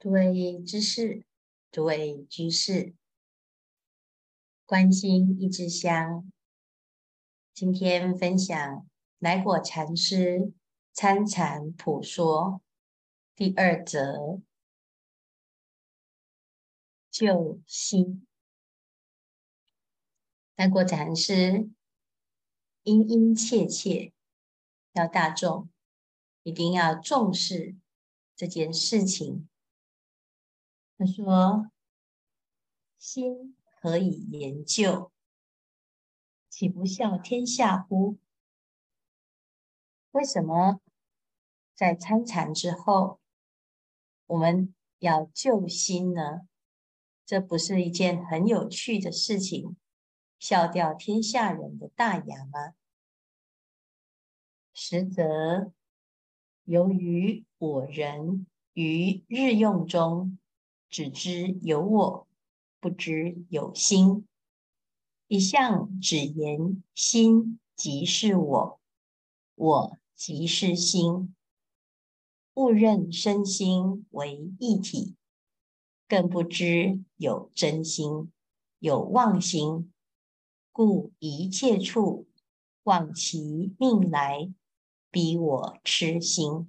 諸位知識，諸位居士，觀心一支香。今天分享來果禪師《參禪普說》第二則，救心。來果禪師殷殷切切，要大眾一定要重視這件事情。他說：“心可以研究？豈不笑天下乎？為什麼在參禪之後，我們要救心呢？這不是一件很有趣的事情，笑掉天下人的大牙嗎？實則，由於我人於日用中。”只知有我，不知有心。一向只言心即是我，我即是心，誤認身心為一體，更不知有真心，有妄心。故一切處，妄其命來，逼我痴心。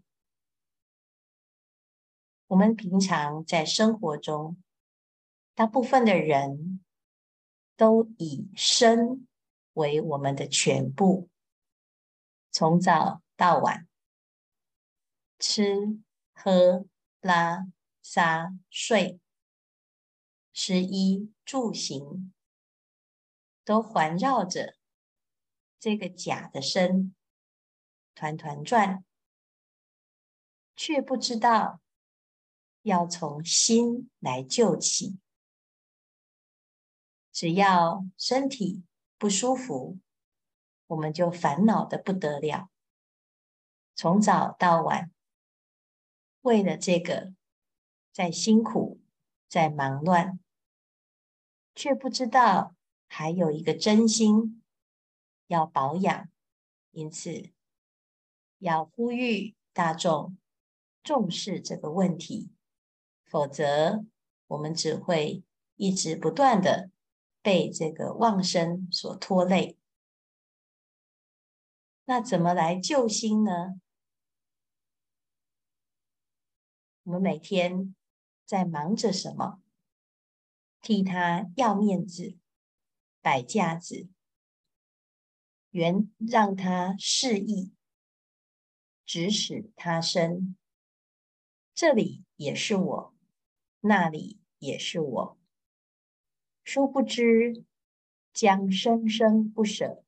我們平常在生活中，大部分的人都以身為我們的全部，從早到晚，吃喝拉撒睡，食衣住行，都環繞着這個假的身，團團轉，卻不知道。要從心來救起。只要身體不舒服，我們就煩惱得不得了，從早到晚為了這個再辛苦，再忙亂，卻不知道還有一個真心要保養。因此，要呼籲大眾重視這個問題。否則，我們只會一直不斷地被這個妄身所拖累。那怎麼來救心呢？我們每天在忙着什麼？替他要面子，擺架子，原讓他示意，指使他生。這裡也是我。那裡也是我，殊不知將生生不捨、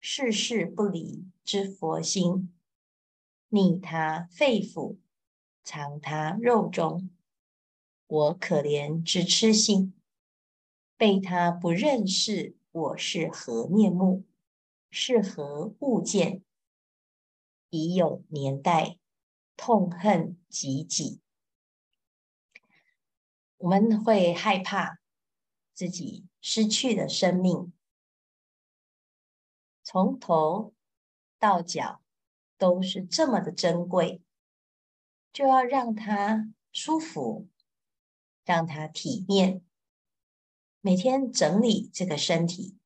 世世不離之佛心，匿他肺腑，藏他肉中。我可憐之癡心，被他不認識我是何面目，是何物件，已有年代，痛恨己己。我們會害怕自己失去的生命。從頭到腳都是這麼的珍貴，就要讓它舒服，讓它體面，每天整理這個身體，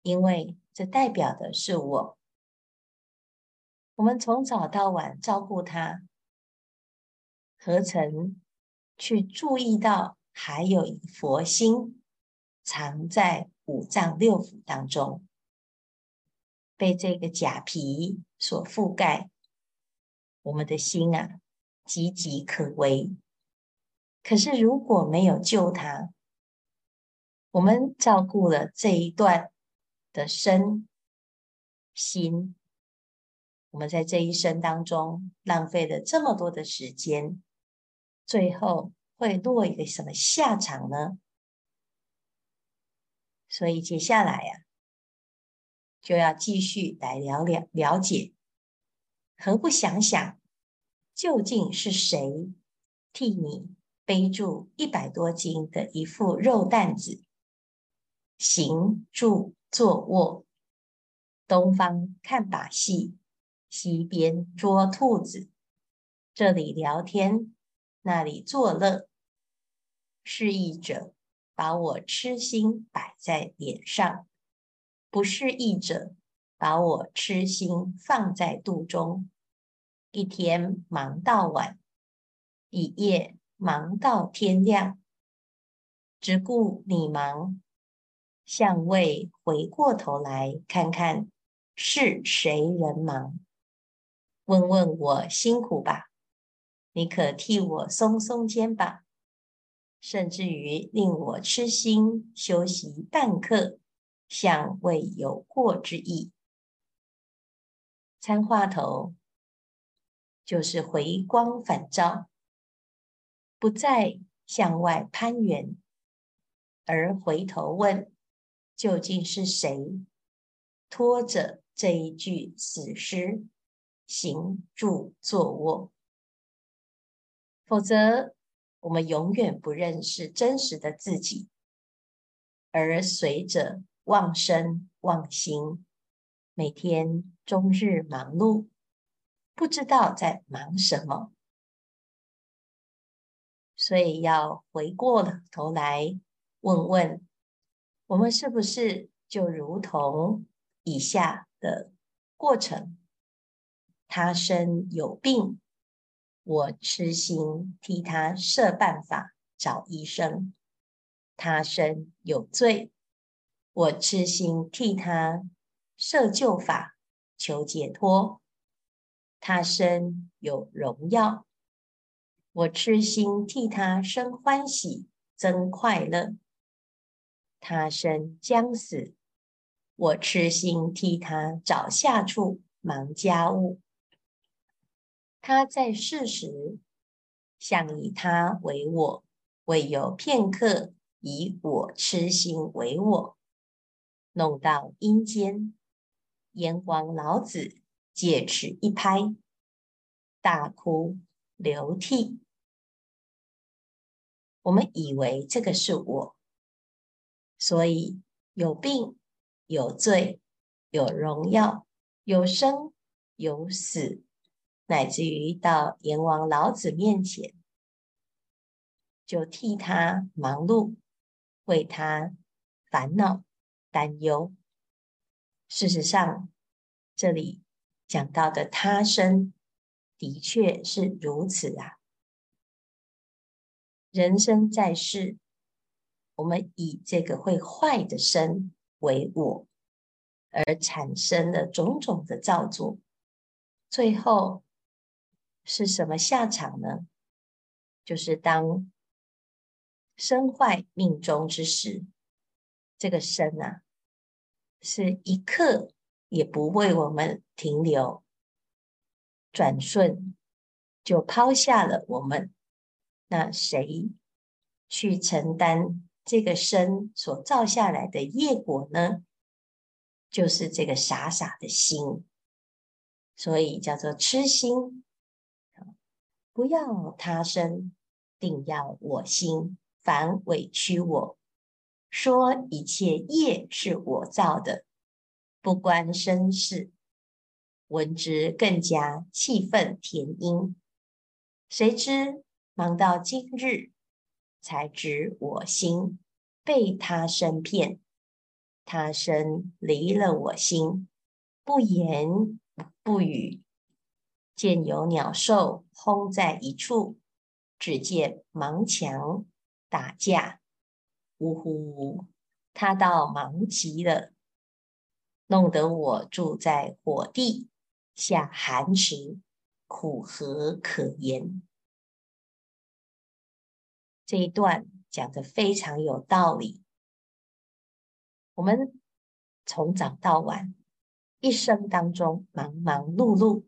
因為這代表的是我。我們從早到晚照顧它，合成。去注意到，還有一個佛心藏在五臟六腑當中，被這個假皮所覆蓋。我們的心啊，岌岌可危。可是如果沒有救他，我們照顧了這一段的身心，我們在這一生當中浪費了這麼多的時間。最後會落一個什麼下場呢？所以接下來呀、啊，就要繼續來了了了解。何不想想，究竟是誰替你背住一百多斤的一副肉擔子，行住坐臥，東方看把戲，西邊捉兔子，這裡聊天。那裡作樂，示意者，把我癡心擺在臉上；不示意者，把我癡心放在肚中。一天忙到晚，一夜忙到天亮，只顧你忙，向未回過頭來看看是誰人忙，問問我辛苦吧。你可替我鬆鬆肩膀，甚至於令我癡心休息半刻，向未有過之意。參話頭就是回光返照，不再向外攀援，而回頭問究竟是誰拖着這一具死屍行住坐臥。否則，我們永遠不認識真實的自己，而隨着忘身忘心，每天終日忙碌，不知道在忙什麼。所以要回過了頭來問問，我們是不是就如同以下的過程：他生有病。我癡心替他設辦法找醫生，他生有罪；我癡心替他設救法求解脫，他生有榮耀；我癡心替他生歡喜增快樂，他生將死；我癡心替他找下處忙家務。他在世時，想以他為我，唯有片刻以我癡心為我，弄到陰間，閻王老子戒尺一拍，大哭流涕。我們以為這個是我，所以有病、有罪、有榮耀、有生、有死。乃至於到閻王老子面前，就替他忙碌，為他煩惱、擔憂。事實上，這裡講到的他身的確是如此啊。人生在世，我們以這個會壞的身為我，而產生了種種的造作，最後，是什麼下場呢？就是當身壞命終之時，這個身啊，是一刻也不為我們停留，轉瞬就拋下了我們。那誰去承擔這個身所造下來的業果呢？就是這個傻傻的心，所以叫做癡心。不要他身，定要我心。凡委屈我，說一切業是我造的，不關身事。聞之更加氣憤填膺。誰知忙到今日，才知我心被他身騙，他身離了我心，不言不語。見有鳥獸轟在一處，只見忙牆打架，嗚呼嗚！他倒忙極了，弄得我住在火地下寒食，苦何可言？這一段講得非常有道理。我們從早到晚，一生當中忙忙碌碌。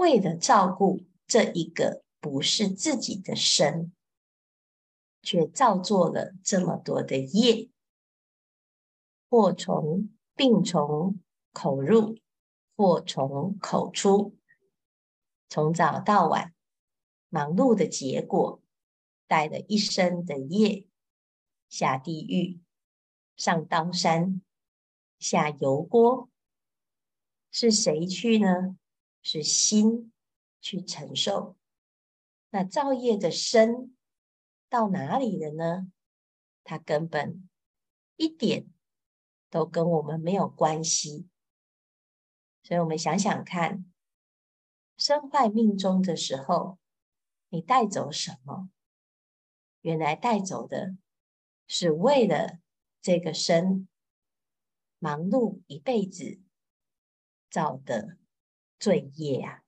為了照顧這一個不是自己的身，卻造作了這麼多的業，禍從病從口入，禍從口出，從早到晚忙碌的結果，帶了一身的業下地獄、上刀山、下油鍋，是誰去呢？是心去承受，那造業的身到哪裡了呢？它根本一點都跟我們沒有關係。所以，我們想想看，身壞命終的時候，你帶走什麼？原來帶走的是為了這個身忙碌一輩子造的。罪業啊！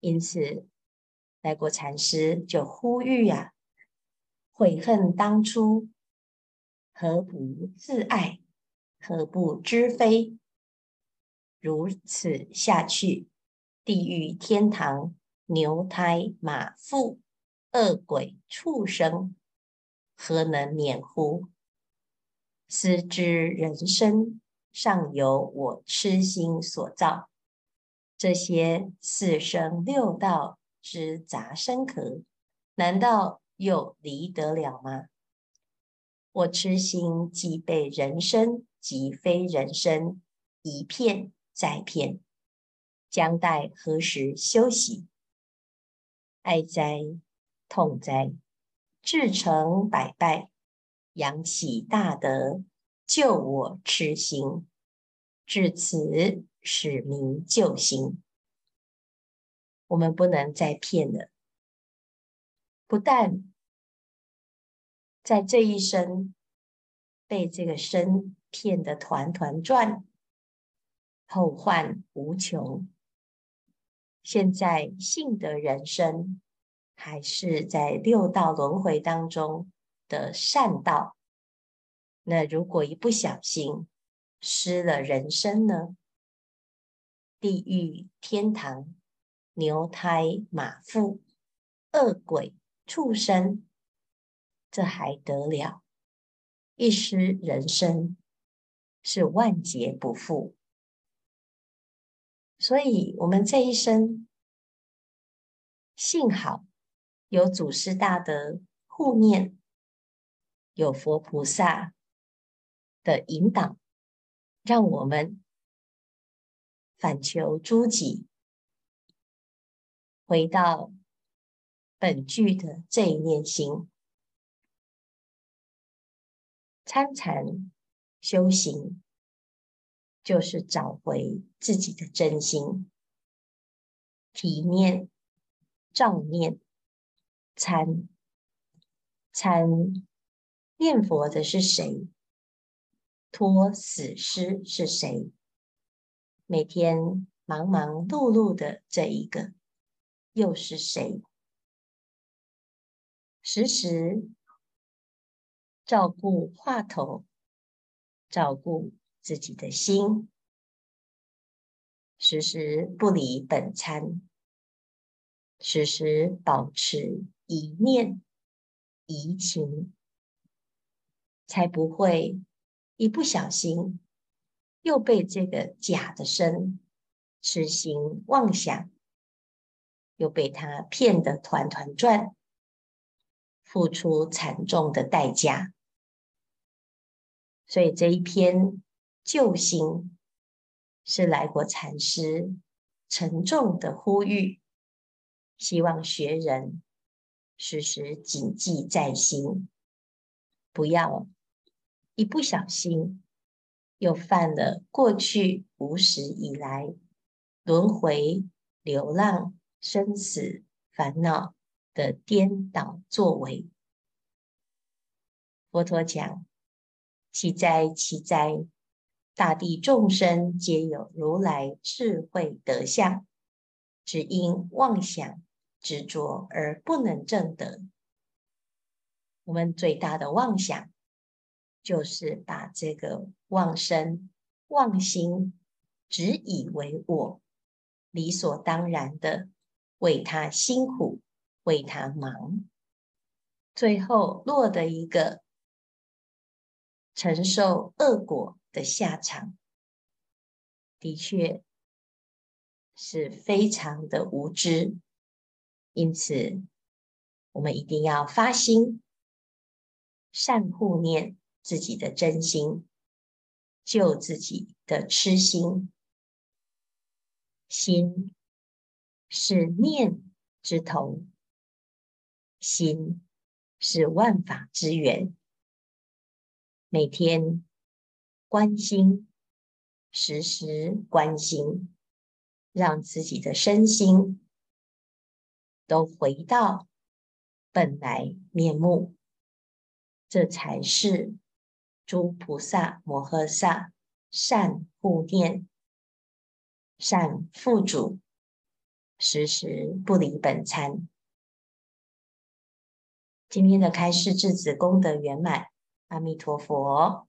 因此，來果禪師就呼籲啊：悔恨當初，何不自愛？何不知非？如此下去，地獄、天堂、牛胎、馬腹、惡鬼、畜生，何能免乎？思之，人生尚由我癡心所造。這些四生六道之雜生殼，難道又離得了嗎？我癡心既被人生，即非人生，一片再片，將待何時休息？哀哉，痛哉！至誠百拜，仰祈大德救我癡心。至此。使命救心，我們不能再騙了。不但在這一生被這個身騙得團團轉，後患無窮。現在幸得人身，還是在六道輪迴當中的善道，那如果一不小心失了人身呢？地獄、天堂、牛胎、馬腹、惡鬼、畜生，這還得了？一失人身，是萬劫不復。所以，我們這一生幸好有祖師大德護念，有佛菩薩的引導，讓我們。反求諸己，回到本具的這一念心。參禪修行就是找回自己的真心，體念、照念、參參念佛的是誰？托死屍是誰？每天忙忙碌碌的這一個，又是誰？時時照顧話頭，照顧自己的心，時時不離本參，時時保持疑念疑情，才不會一不小心。又被這個假的身癡心妄想，又被他騙得團團轉，付出慘重的代價。所以這一篇救心，是來果禪師沉重的呼籲，希望學人時時謹記在心，不要一不小心，又犯了過去無始以來輪迴、流浪、生死、煩惱的顛倒作為。佛陀講：奇哉，奇哉！大地眾生皆有如來智慧德相，只因妄想執着而不能證得。我們最大的妄想。就是把這個妄身、妄心，執以為我，理所當然的為他辛苦、為他忙，最後落得一個承受惡果的下場，的確是非常的無知。因此，我們一定要發心善護念。自己的真心，救自己的癡心。心是念之頭，心是萬法之源。每天關心，時時關心，讓自己的身心都回到本來面目。這才是。諸菩薩摩訶薩善護念，善付囑，時時不離本參。今天的開示至此功德圓滿，阿彌陀佛。